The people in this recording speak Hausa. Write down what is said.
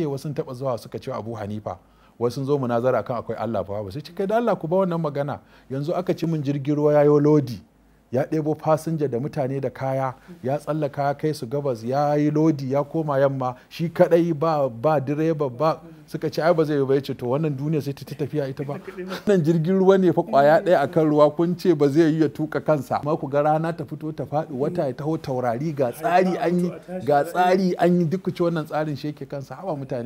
ce wasu taɓa zuwa suka ce abu hanifa wasu zo munazara kan akwai allah fa ba sai ce kai da allah ku ba wannan magana yanzu aka ci min jirgin ruwa yayo lodi ya ɗebo fasinja da mutane da kaya ya tsallaka ya kai su gabas ya yi lodi ya koma yamma shi kadai ba ba direba ba suka ce ai ba zai yi ce to wannan duniya sai ta tafiya ita ba wannan jirgin ruwa ne fa kwaya ɗaya akan ruwa kun ce ba zai yi ya tuka kansa amma ku ga rana ta fito ta faɗi wata ya taho taurari ga tsari an yi duk ku ci wannan tsarin shi yake kansa haba mutane